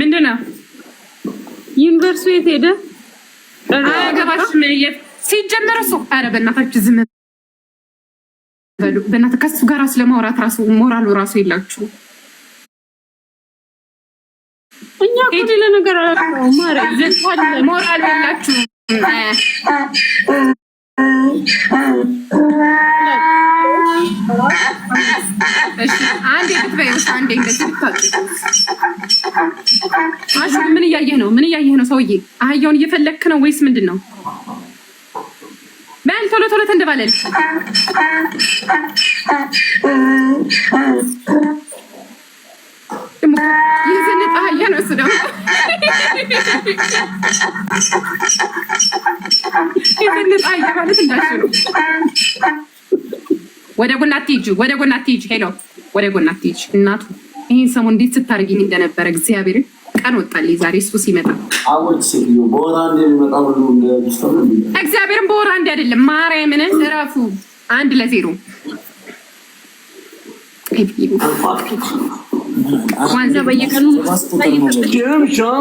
ምንድን ነው ዩኒቨርሲቲ የት ሄደ? አያገባሽም። ሲጀመር እሱ ኧረ በእናታችሁ ዝም በእናተ ከሱ ጋር ስለማውራት ራሱ ሞራሉ ራሱ የላችሁ። እኛ ኮዲ ለነገር ሞራል የላችሁ። ምን እያየህ ነው? ምን እያየህ ነው? ሰውዬ አህያውን እየፈለግክ ነው ወይስ ምንድን ነው? ተንደባለል፣ ቶሎ ቶሎ ተንደባለል። ይዘንጣ አህያ ነው እሱ ደግሞ ይዘንጣ አህያ ማለት ነው። ወደ ጎን አትሂጂ፣ ወደ ጎን አትሂጂ፣ ሄሎ፣ ወደ ጎን አትሂጂ። እናቱ ይህን ሰሞን እንዴት ስታርጊኝ እንደነበረ እግዚአብሔር ቀን ወጣልኝ ዛሬ እሱ ሲመጣ እግዚአብሔርን አንድ አይደለም። ማርያምን እረፉ። አንድ ለዜሮ ዋንዛ በየቀኑ ሻ